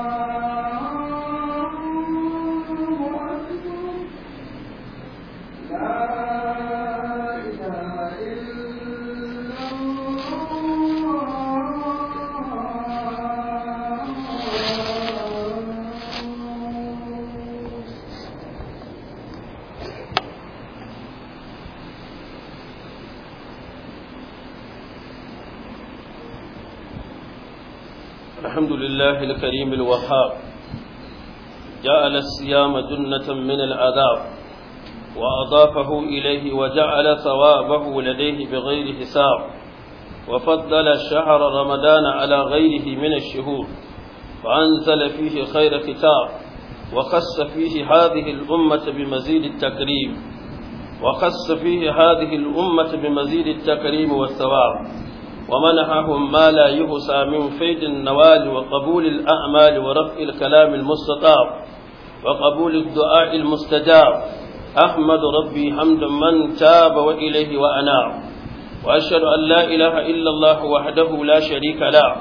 Uh... الله الكريم الوهاب جعل الصيام جنة من العذاب وأضافه إليه وجعل ثوابه لديه بغير حساب وفضل شهر رمضان على غيره من الشهور فأنزل فيه خير كتاب وخص فيه هذه الأمة بمزيد التكريم وخص فيه هذه الأمة بمزيد التكريم والثواب ومنحهم ما لا يهسى من فيض النوال وقبول الأعمال ورفع الكلام المستطاب وقبول الدعاء المستجاب أحمد ربي حمد من تاب وإليه وأناب وأشهد أن لا إله إلا الله وحده لا شريك له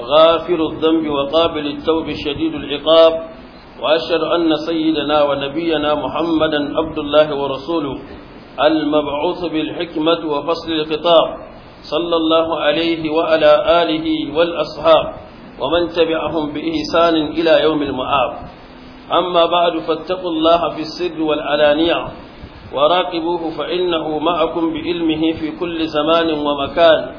غافر الذنب وقابل التوب شديد العقاب وأشهد أن سيدنا ونبينا محمدا عبد الله ورسوله المبعوث بالحكمة وفصل الخطاب صلى الله عليه وعلى آله والأصحاب ومن تبعهم بإحسان إلى يوم المعاب أما بعد فاتقوا الله في السر والعلانية وراقبوه فإنه معكم بإلمه في كل زمان ومكان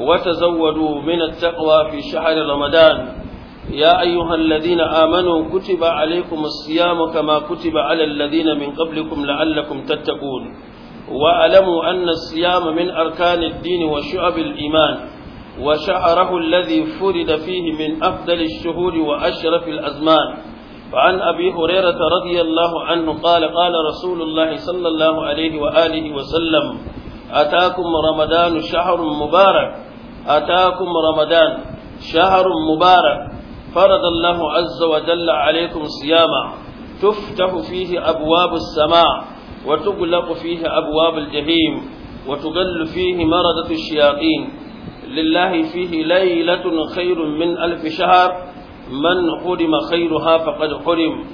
وتزودوا من التقوى في شهر رمضان يا أيها الذين آمنوا كتب عليكم الصيام كما كتب على الذين من قبلكم لعلكم تتقون واعلموا أن الصيام من أركان الدين وشعب الإيمان وشعره الذي فرد فيه من أفضل الشهور وأشرف الأزمان فعن أبي هريرة رضي الله عنه قال قال رسول الله صلى الله عليه وآله وسلم أتاكم رمضان شهر مبارك أتاكم رمضان شهر مبارك فرض الله عز وجل عليكم صياما تفتح فيه أبواب السماء وتغلق فيه أبواب الجحيم وتقل فيه مردة الشياطين لله فيه ليلة خير من ألف شهر من حرم خيرها فقد حرم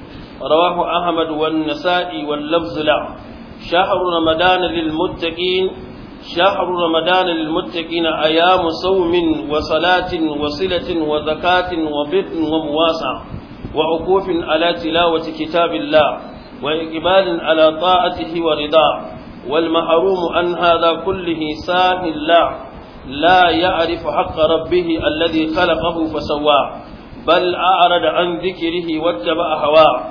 رواه أحمد والنسائي واللفظ له شهر رمضان للمتقين شهر رمضان للمتقين أيام صوم وصلاة وصلة وزكاة وبر ومواسع وعقوف على تلاوة كتاب الله وإقبال على طاعته ورضاه والمحروم عن هذا كله ساه الله لا يعرف حق ربه الذي خلقه فسواه بل أعرض عن ذكره واتبع هواه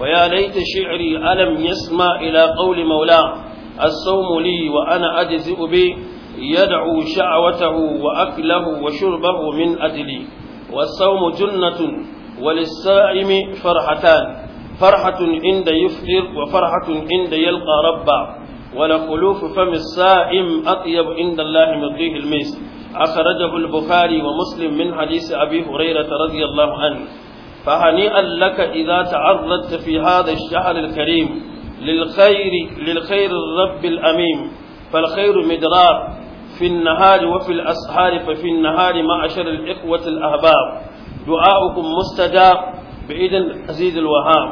ويا ليت شعري ألم يسمع إلى قول مولاه الصوم لي وأنا أجزئ به يدعو شعوته وأكله وشربه من أجلي والصوم جنة وللصائم فرحتان farhatun inda yuftir wa farhatun inda yalqa rabba wala khulufu fami sa'im atyab inda Allah madhihi al-mis akhrajahu al-bukhari wa muslim min hadisi abi hurairah radiyallahu anhu فهنيئا لك إذا تعرضت في هذا الشهر الكريم للخير للخير الرب الأميم فالخير مدرار في النهار وفي الأسحار ففي النهار معشر الإخوة الأهباب دعاؤكم مستجاب بإذن عزيز الوهاب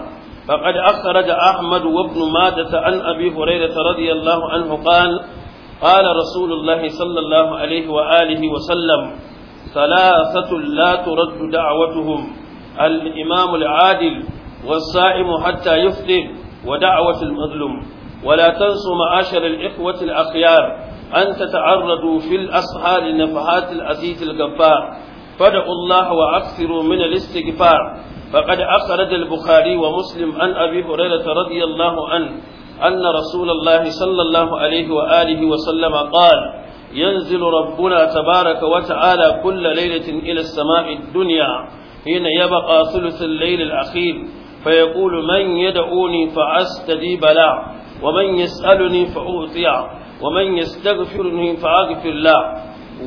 فقد أخرج أحمد وابن مادة عن أبي هريرة رضي الله عنه قال قال رسول الله صلى الله عليه وآله وسلم ثلاثة لا ترد دعوتهم الإمام العادل والصائم حتى يفطر ودعوة المظلوم ولا تنسوا معاشر الإخوة الأخيار أن تتعرضوا في الأسحار لنفحات العزيز الجبار فادعوا الله وأكثروا من الاستغفار فقد أخرج البخاري ومسلم عن أبي هريرة رضي الله عنه أن رسول الله صلى الله عليه وآله وسلم قال ينزل ربنا تبارك وتعالى كل ليلة إلى السماء الدنيا حين يبقى ثلث الليل الأخير فيقول من يدعوني فأستجيب له ومن يسألني فأعطيه ومن يستغفرني فأغفر له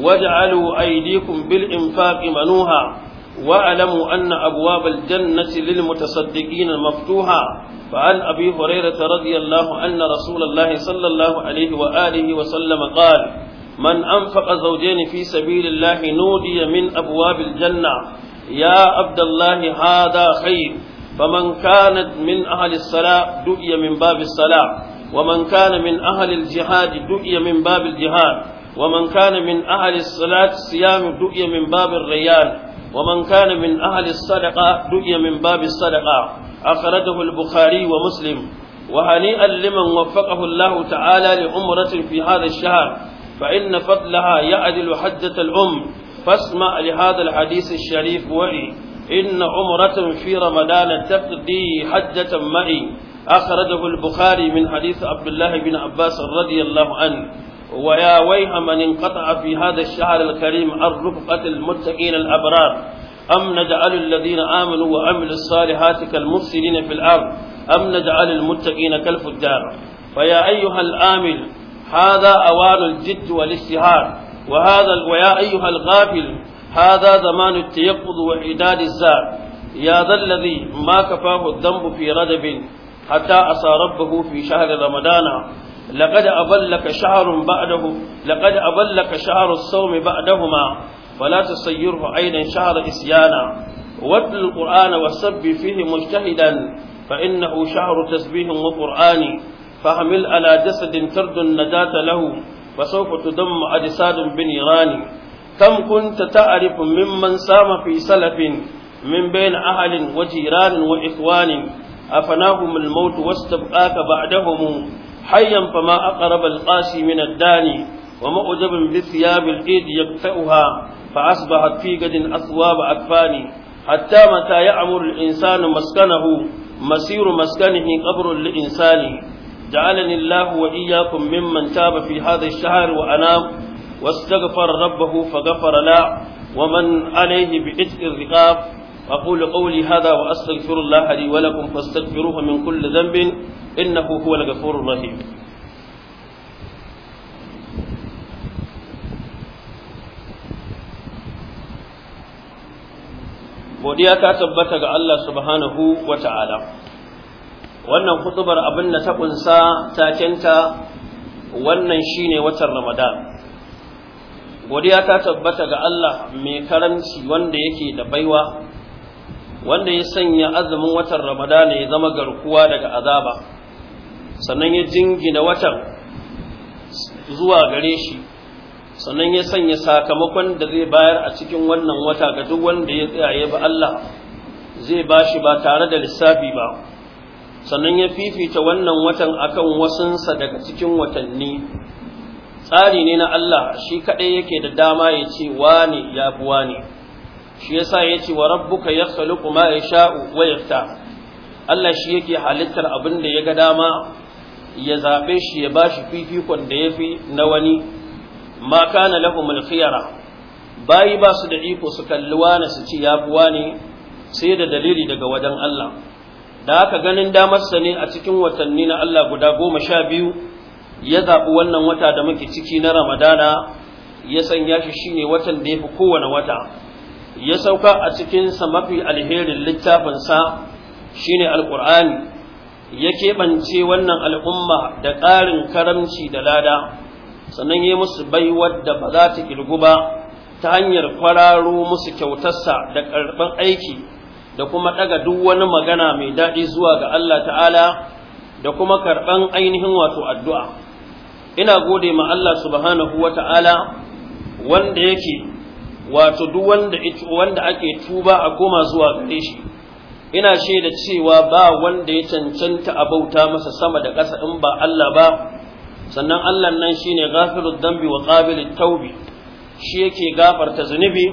واجعلوا أيديكم بالإنفاق منوها واعلموا أن أبواب الجنة للمتصدقين مفتوحة فعن أبي هريرة رضي الله أن رسول الله صلى الله عليه وآله وسلم قال من أنفق زوجين في سبيل الله نودي من أبواب الجنة يا عبد الله هذا خير فمن كانت من أهل الصلاة دؤي من باب الصلاة ومن كان من أهل الجهاد دؤي من باب الجهاد ومن كان من أهل الصلاة صيام دؤي من باب الريان ومن كان من أهل الصدقة دعي من باب الصدقة أخرجه البخاري ومسلم وهنيئا لمن وفقه الله تعالى لعمرة في هذا الشهر فإن فضلها يعدل حجة الأم فاسمع لهذا الحديث الشريف وعي إن عمرة في رمضان تقضي حجة معي أخرجه البخاري من حديث عبد الله بن عباس رضي الله عنه ويا ويح من انقطع في هذا الشهر الكريم عن رفقة المتقين الأبرار أم نجعل الذين آمنوا وعملوا الصالحات كالمفسدين في الأرض أم نجعل المتقين كالفجار فيا أيها الآمل هذا أوان الجد والاستهار وهذا ويا أيها الغافل هذا زمان التيقظ وإعداد الزاد يا ذا الذي ما كفاه الذنب في ردب حتى أصى ربه في شهر رمضان لقد أضلك شهر بعده لقد أضلك شهر الصوم بعدهما ولا تسيره عينا شهر إسيانا واتل القرآن وسب فيه مجتهدا فإنه شهر تسبيح وقرآن فحمل على جسد ترد النجاة له وسوف تدم أجساد بنيران كم كنت تعرف ممن سام في سلف من بين أهل وجيران وإخوان أفناهم الموت واستبقاك بعدهم hayyan fa ma aqrab al-qasi min ad-dani wa ma'ujabun bi thiyab al-eid yaqta'uha fa asbahat fi gadin aswab akfani hatta mata ya al-insanu maskanahu masiru maskanihi qabrun insani جعلني الله وإياكم ممن تاب في هذا الشهر وأنام واستغفر ربه فغفر له ومن عليه بإتق الرقاب أقول قولي هذا وأستغفر الله لي ولكم فاستغفروه من كل ذنب إنه هو الغفور الرحيم godiya ta tabbata ga Allah subhanahu wa ta'ala wannan kutubar abin da ta kunsa takenta wannan shi ne watan ramadan godiya ta tabbata ga Allah mai karanci wanda yake da baiwa wanda ya sanya azumin watan ramadana ya zama garkuwa daga azaba sannan ya jingina watan zuwa gare shi sannan ya sanya sakamakon da zai bayar a cikin wannan wata ga duk wanda ya tsaye ba Allah zai ba shi ba tare da lissafi ba sannan ya fifita wannan watan akan wasunsa daga cikin watanni tsari ne na Allah shi kaɗai yake da dama ya ce wani ya fi wani shi yasa yace wa rabbuka yakhluqu ma yasha'u wa yafta Allah shi yake halittar abin da ya ga dama ya zabe shi ya bashi fifikon da yafi na wani ma kana lahumul khiyara bayi ba su da iko su kalli wani su ci fi wani sai da dalili daga wajen Allah da aka ganin damarsa ne a cikin watanni na Allah guda goma sha biyu ya zaɓi wannan wata da muke ciki na Ramadana ya sanya shi shine watan da yafi kowane wata ya sauka a cikinsa mafi alherin littafinsa shine alƙur'ani ya keɓance wannan al'umma da ƙarin karamci da lada sannan ya musu baiwar da ba za ta ƙirgu ba ta hanyar kwararo musu kyautarsa da karɓar aiki da kuma ɗaga duk wani magana mai daɗi zuwa ga Allah ta'ala da kuma karɓan ainihin wato addu'a ina gode ma Allah subhanahu wa ta'ala wanda yake wato duk wanda wanda ake tuba a koma zuwa gare shi ina shaida cewa ba wanda ya cancanta a bauta masa sama da ƙasa in ba Allah ba sannan Allah nan shine ghafirud dambi wa qabilut taubi shi yake gafarta zunubi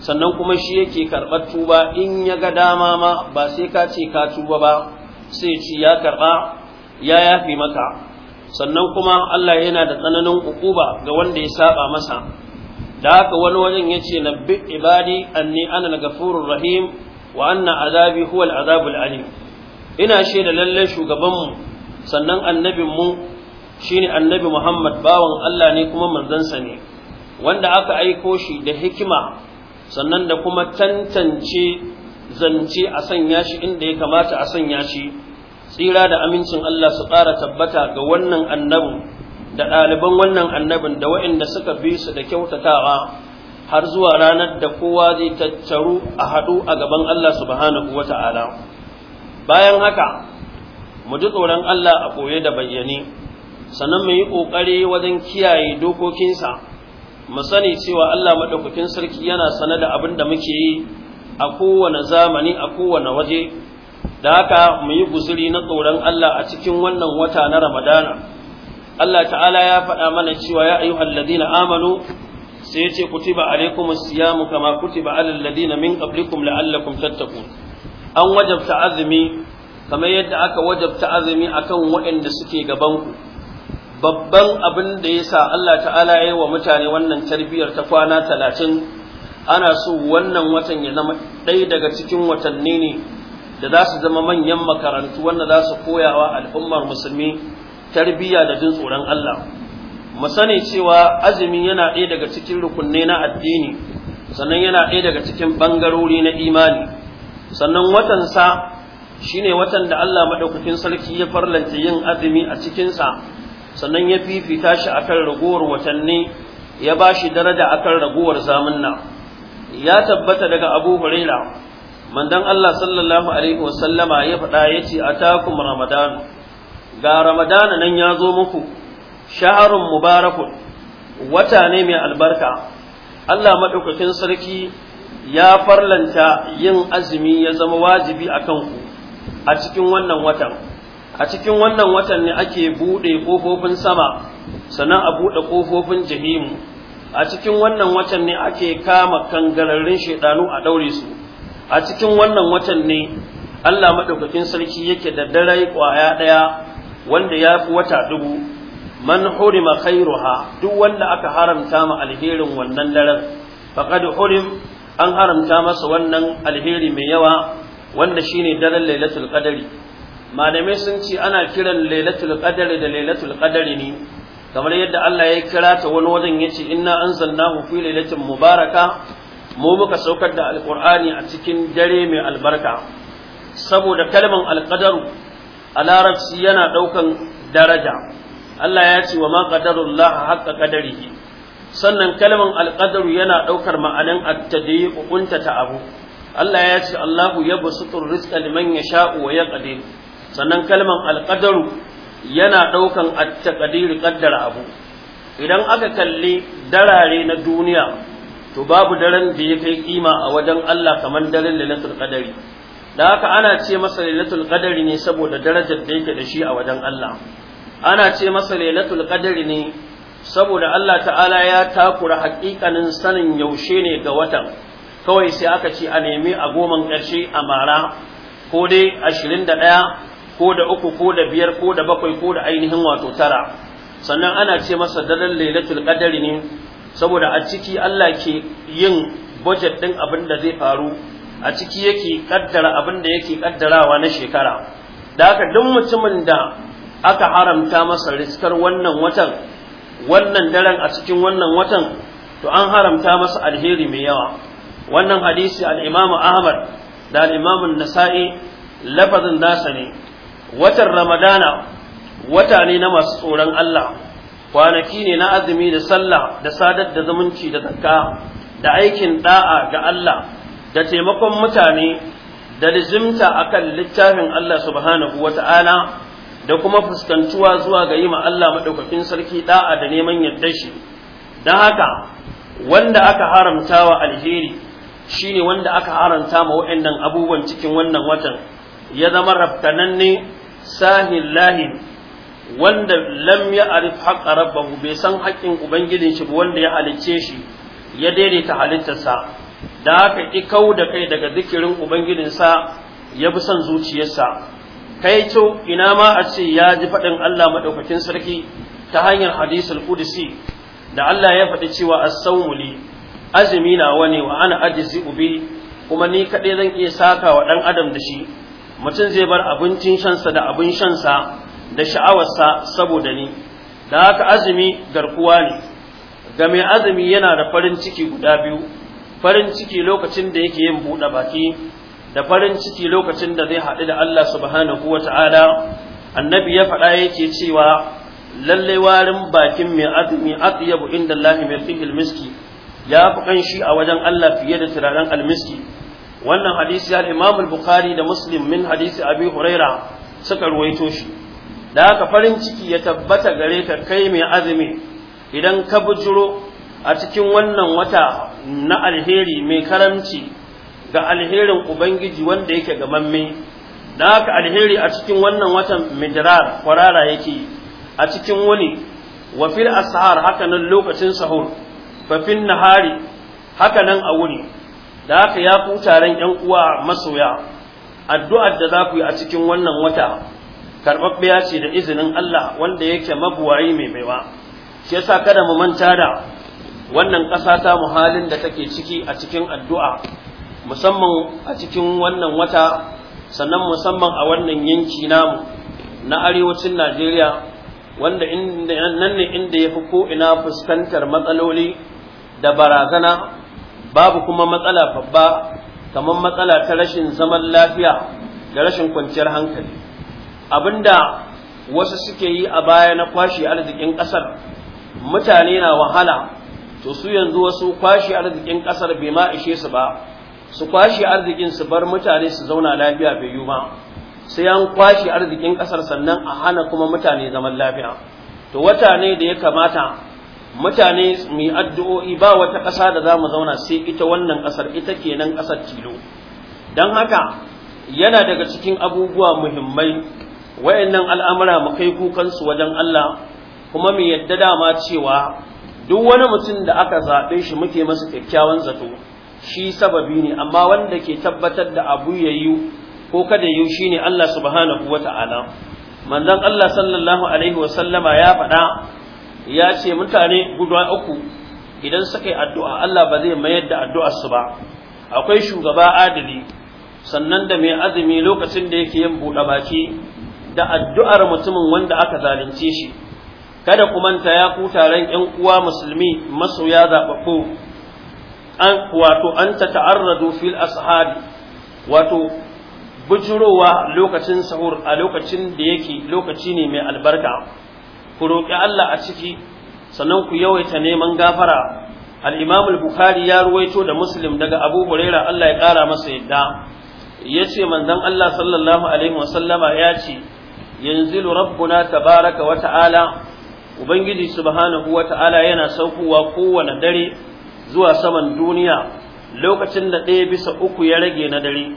sannan kuma shi yake karɓar tuba in ya ga dama ma ba sai ka ce ka tuba ba sai ce ya karɓa ya yafi maka sannan kuma Allah yana da tsananin ukuba ga wanda ya saba masa da haka wani wajen ya ce nabbi ibadi anni ana na ghafurur rahim wa anna azabi huwa al-azabul alim ina shaida lalle shugabanmu sannan annabinmu shine annabi Muhammad bawan Allah ne kuma manzansa ne wanda aka aiko shi da hikima sannan da kuma tantance zance a sanya shi inda ya kamata a sanya shi tsira da amincin Allah su ƙara tabbata ga wannan annabin. da ɗaliban wannan annabin da waɗanda suka bi su da kyautatawa har zuwa ranar da kowa zai tattaru a haɗu a gaban Allah subhanahu wa ta'ala. Bayan haka, mu ji tsoron Allah a koye da bayyane, sannan mu yi ƙoƙari wajen kiyaye dokokinsa, mu sani cewa Allah maɗaukakin sarki yana sane da abin da muke yi a kowane zamani a kowane waje, da haka mu yi guzuri na tsoron Allah a cikin wannan wata na Ramadana. Allah ta'ala ya faɗa mana cewa ya ayyuhal ladina amanu sai yace kutiba alaikumus siyamu kama kutiba alal ladina min qablikum la'allakum tattaqun an wajabta azumi kamar yadda aka wajabta azumi akan waɗanda suke gaban ku babban abin da yasa Allah ta'ala ya yi wa mutane wannan tarbiyar ta kwana 30 ana so wannan watan ya zama ɗaya daga cikin watanni ne da za su zama manyan makarantu wanda za su koyawa al'ummar musulmi tarbiyya da jin tsoron Allah mu sani cewa azumi yana ɗaya daga cikin rukunne na addini sannan yana ɗaya daga cikin ɓangarori na imani sannan watansa shine watan da Allah madaukakin sarki ya farlanta yin azumi a cikinsa sannan ya fifita shi akan ragowar watanni ya ba shi daraja akan ragowar zamanna ya tabbata daga Abu Hurairah mandan Allah sallallahu alaihi wasallama ya faɗa yace atakum ramadan ga ramadana nan ya zo muku shaharun mubarakun wata ne mai albarka Allah maɗaukakin sarki ya farlanta yin azumi ya zama wajibi a kanku a cikin wannan watan a cikin wannan watan ne ake buɗe ƙofofin sama sannan a buɗe ƙofofin jahimu a cikin wannan watan ne ake kama kangararrun shaidanu a ɗaure su a cikin wannan watan ne Allah maɗaukakin sarki yake da dare ƙwaya ɗaya wanda ya fi wata dubu man hurima khairuha duk wanda aka haramta ma alherin wannan daren faqad hurim an haramta masa wannan alheri mai yawa wanda shine daren lailatul qadari malamai sun ce ana kiran lailatul qadari da lailatul qadari ne kamar yadda Allah ya kira ta wani wajen yace inna anzalnahu fi lailatin mubaraka mu muka saukar da alqur'ani a cikin dare mai albarka saboda kalman alqadaru a yana ɗaukan daraja Allah ya ce wa ma qadarullah haqqa qadarihi sannan kalmar alqadaru yana ɗaukar ma'anan at-tadyiq ta abu Allah ya ce Allahu yabsutur rizqa liman yasha'u wa yaqdir sannan kalmar alqadaru yana ɗaukan at-taqdir abu idan aka kalli darare na duniya to babu daren da ya kai kima a wajen Allah kamar daren lailatul qadari da haka ana ce masa lailatul qadari ne saboda darajar da yake da shi a wajen Allah ana ce masa lailatul qadari ne saboda Allah ta'ala ya takura haƙiƙanin sanin yaushe ne ga watan kawai sai aka ce a nemi a goman ƙarshe a mara ko dai ashirin da ɗaya ko da uku ko da biyar ko da bakwai ko da ainihin wato tara sannan ana ce masa dalar lailatul qadari ne saboda a ciki Allah ke yin budget ɗin abin da zai faru a ciki yake kaddara abin da yake kaddarawa na shekara da aka duk mutumin da aka haramta masa riskar wannan watan wannan daren a cikin wannan watan to an haramta masa alheri mai yawa wannan hadisi al-Imam Ahmad da al-Imam nasai lafazin nasa ne watan Ramadana wata ne na masu tsoron Allah kwanaki ne na azumi da sallah da sadar da zumunci da zakka da aikin da'a ga Allah da taimakon mutane da a kan littafin Allah subhanahu ta’ala da kuma fuskantuwa zuwa ga yi Allah maɗaukakin sarki da'a da neman yadda shi don haka wanda aka haramta wa alheri shine wanda aka haramta ma waɗannan abubuwan cikin wannan watan ya zama rafkananne sahin lahin wanda lam ya arif haƙa rabbahu bai san haƙƙin ubangijin shi wanda ya halicce shi ya daidaita halittarsa da aka ƙi kau da kai daga zikirin ubangijinsa ya bi son zuciyarsa kai to ina ma a ce ya ji faɗin Allah maɗaukakin sarki ta hanyar hadisul qudsi da Allah ya faɗi cewa as-sawmu azumi na wani wa ana ajizi ubi kuma ni kaɗai zan iya saka wa ɗan adam da shi mutum zai bar abincin shansa da abin shansa da sha'awarsa saboda ni da haka azumi garkuwa ne ga mai azumi yana da farin ciki guda biyu farin ciki lokacin da yake yin buɗe baki da farin ciki lokacin da zai haɗu da Allah subhanahu wa ta'ala annabi ya faɗa yake cewa lalle warin bakin mai azumi atyabu inda Allah mai fi miski ya fi kanshi a wajen Allah fiye da turaren almiski wannan hadisi ya Imam al-Bukhari da Muslim min hadisi Abi Huraira suka ruwaito shi da haka farin ciki ya tabbata gare ka kai mai azumi idan ka bujuro a cikin wannan wata na alheri mai karamci ga alherin ubangiji wanda yake gamamme da haka alheri a cikin wannan watan midrar kwarara yake a cikin wani wa fil ashar haka nan lokacin sahur fafin na nahari haka nan a wuni da haka ya fi taron yan uwa masoya addu'ar da za ku yi a cikin wannan wata karɓaɓɓiya ce da izinin Allah wanda yake mabuwayi mai baiwa shi yasa kada mu manta da wannan ƙasa ta muhalin da take ciki a cikin addu'a musamman a cikin wannan wata sannan musamman a wannan yanki namu na arewacin najeriya wanda nan ne inda ya fi ko'ina fuskantar matsaloli da barazana babu kuma matsala babba kamar matsala ta rashin zaman lafiya da rashin kwanciyar hankali abinda wasu suke yi a baya na kwashe arzikin ƙasar mutane na wahala to su yanzu wasu kwashi arzikin kasar bai ma ishe su ba su kwashi arzikin su bar mutane su zauna lafiya bai yi ba sai an kwashi arzikin kasar sannan a hana kuma mutane zaman lafiya to wata ne da ya kamata mutane mai addu'o'i ba wata ƙasa da za mu zauna sai ita wannan ƙasar ita kenan ƙasar tilo don haka yana daga cikin abubuwa muhimmai wayannan al'amura mu kai kukansu wajen Allah kuma mu yadda dama cewa duk wani mutum da aka zaɓe shi muke masa kyakkyawan zato shi sababi ne amma wanda ke tabbatar da abu ya yi ko kada yi shi ne Allah subhanahu wa ta'ala manzon Allah sallallahu alaihi wa ya faɗa ya ce mutane guda uku idan suka yi addu'a Allah ba zai mayar da addu'ar su ba akwai shugaba adali sannan da mai azumi lokacin da yake yin buɗe baki da addu'ar mutumin wanda aka zalunce shi kada ku manta ya ku taron ‘yan uwa musulmi masoya zaɓaɓɓu, an wato an ta ta'arradu fil ashabi wato bujurowa lokacin sahur a lokacin da yake lokaci ne mai albarka ku roƙi Allah a ciki sannan ku yawaita neman gafara al-Imam al-Bukhari ya ruwaito da Muslim daga Abu huraira Allah ya ƙara masa yadda yace manzon Allah sallallahu alaihi wasallama ya ce yanzilu rabbuna tabaraka wa ta'ala ubangiji subhanahu Ta'ala yana saukowa kowane dare zuwa saman duniya lokacin da ɗaya bisa uku ya rage na dare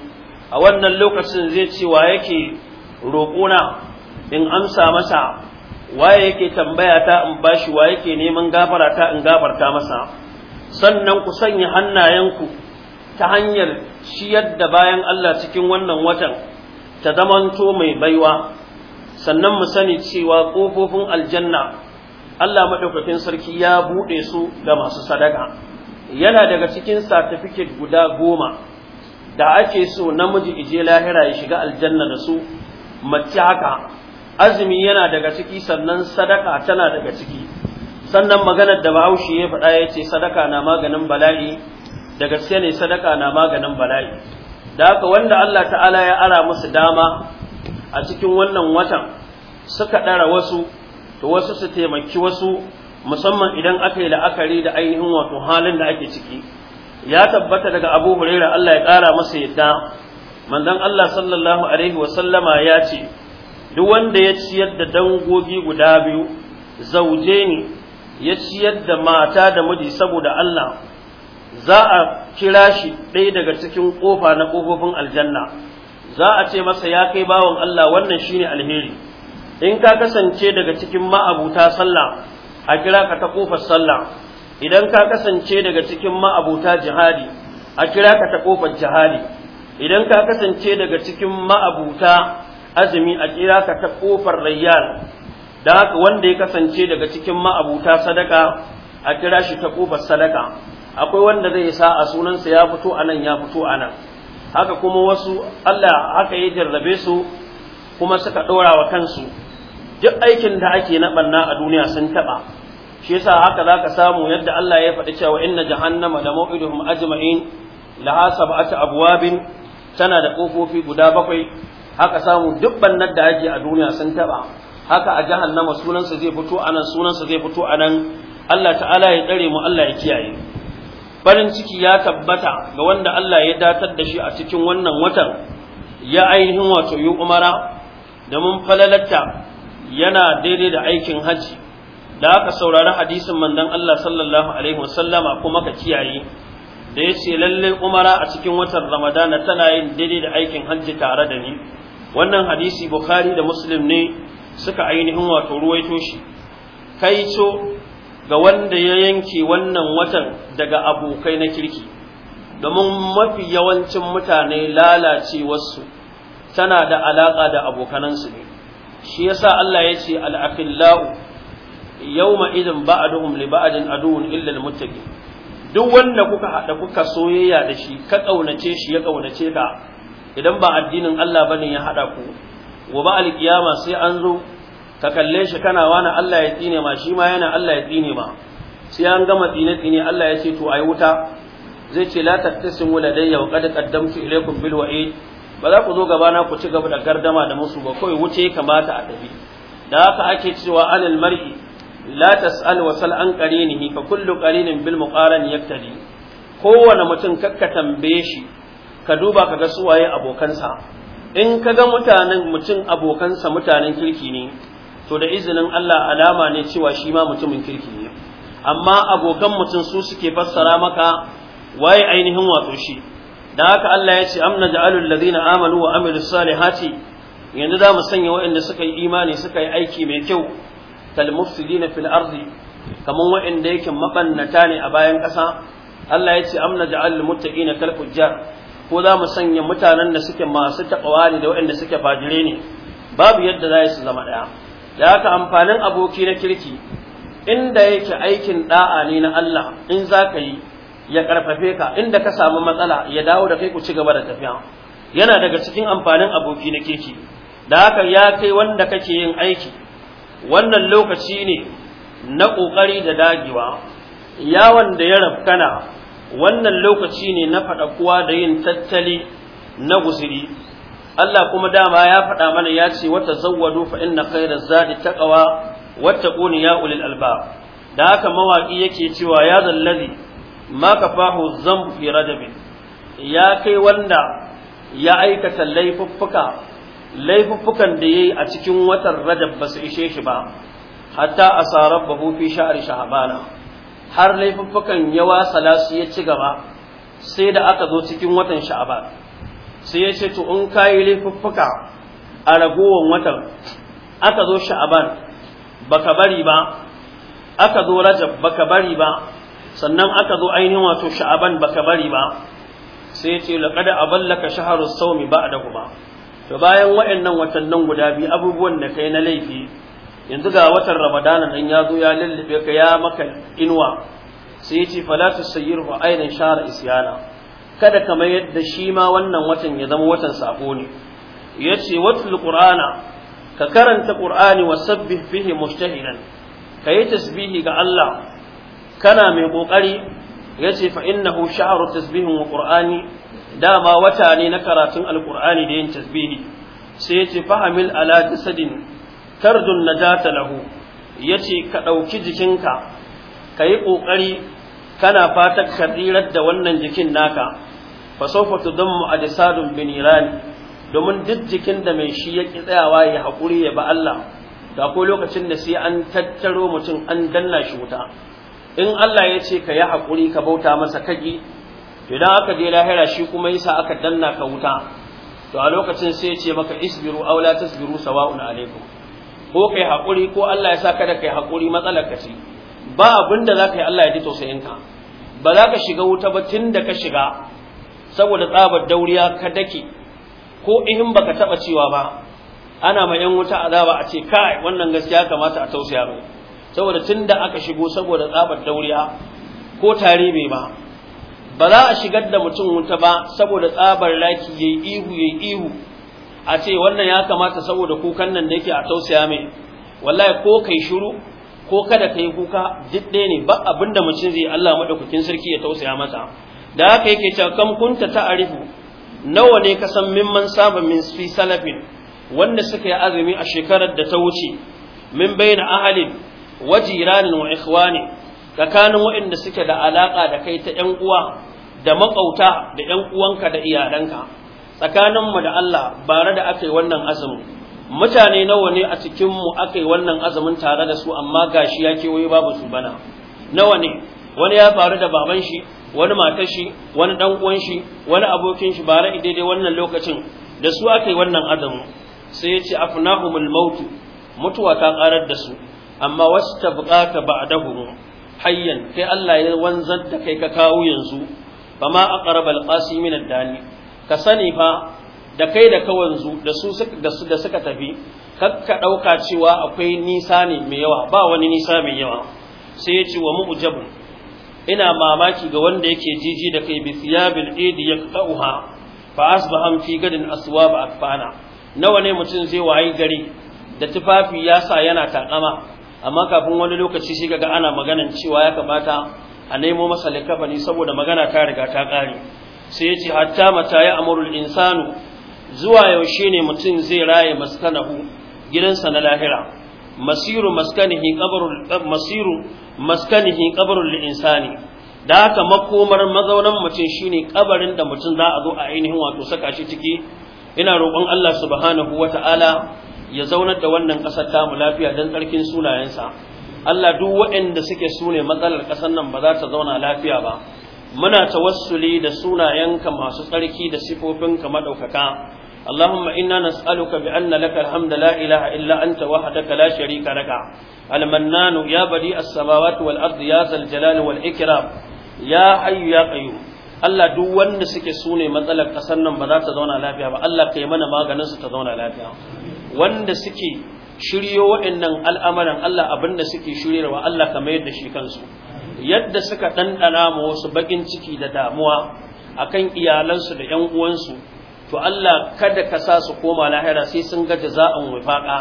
a wannan lokacin zai ce wa yake roƙona in amsa masa waye yake tambaya ta in bashi wa yake neman gafara ta in gafarta masa sannan ku sanya hannayenku ta hanyar ciyar da bayan Allah cikin wannan watan ta zamanto mai baiwa sannan mu sani cewa ƙofofin aljanna Allah madaukakin sarki ya buɗe su ga masu sadaka yana daga cikin certificate guda goma da ake so namiji ije lahira ya shiga aljanna da su mace haka azumi yana daga ciki sannan sadaka tana daga ciki sannan maganar da bahaushe ya faɗa ya ce sadaka na maganin bala'i da gaske ne sadaka na maganin bala'i da haka wanda Allah ta'ala ya ara musu dama a cikin wannan watan suka ɗara wasu to wasu su taimaki wasu musamman idan aka yi la'akari da ainihin wato halin da ake ciki ya tabbata daga abu huraira Allah ya ƙara masa yadda manzon Allah sallallahu alaihi wa sallama ya ce duk wanda ya ciyar da dangogi guda biyu zauje ne ya ciyar da mata da miji saboda Allah za a kira shi ɗaya daga cikin ƙofa na ƙofofin aljanna za a ce masa ya kai bawan Allah wannan shine alheri in ka kasance daga cikin ma'abuta sallah a kira ka ta kofar sallah idan ka kasance daga cikin ma'abuta jihadi a kira ka ta kofar jihadi idan ka kasance daga cikin ma'abuta azumi a kira ka ta kofar rayyan da haka wanda ya kasance daga cikin ma'abuta sadaka a kira shi ta kofar sadaka akwai wanda zai sa a sunansa ya fito a nan ya fito a nan haka kuma wasu Allah haka ya jarrabe su kuma suka ɗora wa kansu duk aikin da ake na banna a duniya sun taba shi yasa haka zaka samu yadda Allah ya faɗi cewa inna jahannama la maw'iduhum ajma'in laha sab'atu abwabin tana da kofofi guda bakwai haka samu duk bannar da ake a duniya sun taba haka a jahannama sunansa zai fito anan sunansa zai fito anan Allah ta'ala ya tsare mu Allah ya kiyaye farin ciki ya tabbata ga wanda Allah ya datar da shi a cikin wannan watan ya ainihin wato yi umara da mun falalatta yana daidai da aikin haji da aka saurari hadisin mandan Allah sallallahu alaihi a kuma ka kiyaye da ya ce lallai umara a cikin watan ramadana tana yin daidai da aikin haji tare da ni wannan hadisi bukhari da muslim ne suka ainihin wato ruwaito shi co ga wanda ya yanke wannan watan daga abokai na kirki domin mafi yawancin mutane lalacewarsu tana da alaƙa da abokanansu ne shi yasa Allah ya ce al-afillau yawma idin ba'aduhum li ba'din aduun illa al-muttaqin duk wanda kuka hada kuka soyayya da shi ka kaunace shi ya kaunace ka idan ba addinin Allah bane ya hada ku gobe alkiyama sai an zo ka kalle shi kana wani Allah ya tsine ma shi ma yana Allah ya tsine ma sai an gama tsine tsine Allah ya ce to ai wuta zai ce la tattasimu ladayya wa qad qaddamtu ilaykum bil wa'id ba za ku zo gaba na ku ci gaba da gardama da musu ba kawai wuce kamata a tafi da haka ake cewa alal mar'i la tas'al wa sal an qarinihi fa kullu qarinin bil muqaran yaktadi kowane mutum kakka tambaye shi ka duba kaga su waye abokansa in ka ga mutanen mutum abokansa mutanen kirki ne to da izinin Allah alama ne cewa shi ma mutumin kirki ne amma abokan mutum su suke fassara maka waye ainihin wato shi Da haka Allah ya ce amna ja'alul ladina amanu wa amilus salihati yanzu za mu sanya waɗanda suka yi imani suka yi aiki mai kyau kal mufsidina fil ardi kaman waɗanda yake mabannata ne a bayan ƙasa Allah ya ce amna ja'alul muttaqina kal fujjar ko za mu sanya mutanen da suke masu taqwa ne da waɗanda suke fajire ne babu yadda za su zama ɗaya da haka amfanin aboki na kirki inda yake aikin da'a ne na Allah in za ka yi ya karfafe ka inda ka samu matsala ya dawo da kai ku ci gaba da tafiya yana daga cikin amfanin aboki na keke. da haka ya kai wanda kake yin aiki wannan lokaci ne na ƙoƙari da dagewa yawon da ya rafkana wannan lokaci ne na kuwa da yin tattali na gusiri Allah kuma dama ya faɗa mana ya ce wata zawwadu fa inna khairaz zadi taqwa wattaquni ya ulil albab da haka mawaki yake cewa ya zallazi ma kafahu zambu fi radabin ya kai wanda ya aikata laifuffuka laifuffukan da ya yi a cikin watan rajab ba su ishe shi ba hatta asa rabbahu fi sha'ar shahabana har laifuffukan ya wasala su ya ci gaba sai da aka zo cikin watan sha'aban sai ya ce to in kayi laifuffuka a ragowar watan aka zo sha'aban baka bari ba aka zo rajab baka bari ba sannan aka zo ainihin wato sha'aban baka bari ba sai ce laqad aballaka shahru sawmi ba'da kuma to bayan wayannan watannin guda biyu abubuwan da kai na laifi yanzu ga watan ramadana nan ya zo ya lullube ka ya maka inuwa sai ce fala tusayyirhu aidan shahra isyana kada kamar yadda shi ma wannan watan ya zama watan sako ne yace watul qur'ana ka karanta qur'ani wasabbih bihi Ka kayi tasbihi ga Allah kana mai kokari yace fa innahu sha'ru tasbihin wa qur'ani dama wata ne na karatun alqur'ani da yin tasbihi sai yace fahamil ala jasadin tardun najata lahu yace ka dauki jikinka kai kokari kana fatan ka tsirar da wannan jikin naka fa sawfa tudammu ajsadun biniran domin duk jikin da mai shi ya ki tsayawa ya haƙuri ya ba Allah da ko lokacin da sai an tattaro mutum an danna shi wuta in Allah ya ce ka yi haƙuri ka bauta masa kagi, idan aka je lahira shi kuma yasa aka danna ka wuta to a lokacin sai ya ce maka isbiru aw la tasbiru sawa'un alaikum ko kai haƙuri ko Allah ya sa ka da kai haƙuri matsalar ka ce ba abin za ka yi Allah ya ji tausayin ka ba za ka shiga wuta ba tun da ka shiga saboda tsabar dauriya ka dake ko in baka taba cewa ba ana ma yan wuta azaba a ce kai wannan gaskiya kamata a tausaya mai saboda tunda aka shigo saboda tsabar dauriya ko tare bai ba ba za a shigar da mutum wuta ba saboda tsabar laki yayi ihu yayi ihu a ce wannan ya kamata saboda kukan nan da yake a tausaya mai wallahi ko kai shiru ko kada kai kuka duk ɗaya ne ba abinda mutum zai Allah madaukakin sarki ya tausaya masa da haka yake cewa kam kunta nawa ne ka san mimman saba min fi salafin wanda suka yi azumi a shekarar da ta wuce min baina ahalin wajiranin wa ikhwani tsakanin waɗanda suke da alaka da kai ta ƴan uwa da makauta da ƴan uwanka da iyalanka tsakanin mu da Allah bare da akai wannan azumi mutane nawa ne a cikin mu akai wannan azumin tare da su amma gashi ya kewaye babu su bana nawa ne wani ya faru da baban shi wani matar shi wani dan uwan shi wani abokin shi bare daidai wannan lokacin da su akai wannan azumi sai ya ce afnahumul maut mutuwa ta karar da su amma buƙata ba a ba'dahu hayyan kai Allah ya wanzar da kai ka kawo yanzu a aqraba ƙasi min dani ka sani fa da kai da ka wanzu da su da suka tafi kakka ɗauka cewa akwai nisa ne mai yawa ba wani nisa mai yawa sai ya ce wa mu ujabu? ina mamaki ga wanda yake jiji da kai bi thiyabil idi yaqta'uha fa asbaha fi gadin ba akfana nawa ne mutum zai wayi gari da tufafi ya sa yana takama amma kafin wani lokaci shi ga ana maganan cewa ya kamata a nemo masa likafani saboda magana ta riga ta kare sai ya ce hatta mata ya amurul insanu zuwa yaushe ne mutum zai raye maskanahu gidansa na lahira masiru maskanihi qabrul masiru maskanihi qabrul insani da haka makomar mazaunan mutum shine kabarin da mutum za a zo a ainihin wato saka shi ciki ina roƙon Allah subhanahu wataala ya zaunar da wannan ƙasar tamu lafiya don tsarkin sunayensa Allah duk waɗanda suke sune matsalar ƙasar nan ba za ta zauna lafiya ba muna tawassuli da sunayenka masu tsarki da sifofinka maɗaukaka اللهم إنا نسألك بأن لك الحمد لا إله إلا أنت وحدك لا شريك لك المنان يا بديع السماوات والأرض يا ذا الجلال والإكرام يا حي يا قيوم Allah duk wanda suke sune matsalar kasar nan ba za ta zauna lafiya ba Allah kai mana maganin su ta zauna lafiya wanda suke shiryo waɗannan al'amuran Allah abinda suke shiryarwa Allah ka mayar da shi kansu yadda suka ɗanɗana ma wasu baƙin ciki da damuwa akan iyalansu da ‘yan uwansu to Allah kada ka sa su koma lahira sai sun ga jaza'an wifaqa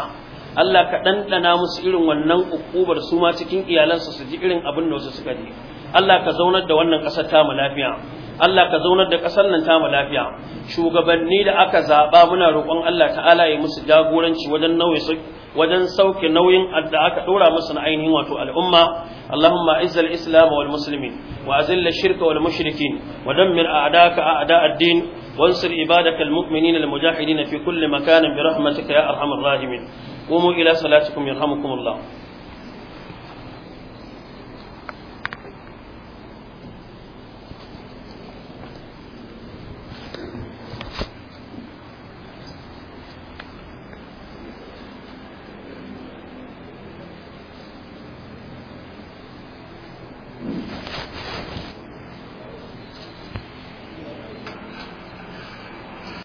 Allah ka ɗanɗana musu irin wannan ukubar su ma cikin iyalansu su ji irin abin da wasu suka ji Allah ka zaunar da wannan ƙasar tamu lafiya Allah ka zaunar da ƙasar nan tamu lafiya shugabanni da aka zaɓa muna roƙon Allah ta'ala ya musu jagoranci wajen nauyi wajen sauke nauyin da aka ɗora musu na ainihin wato al'umma Allahumma izzal islam wal muslimin wa azil shirka wal mushrikin wa dammir a'daka a'da ad-din وانصر عبادك المؤمنين المجاهدين في كل مكان برحمتك يا ارحم الراحمين قوموا الى صلاتكم يرحمكم الله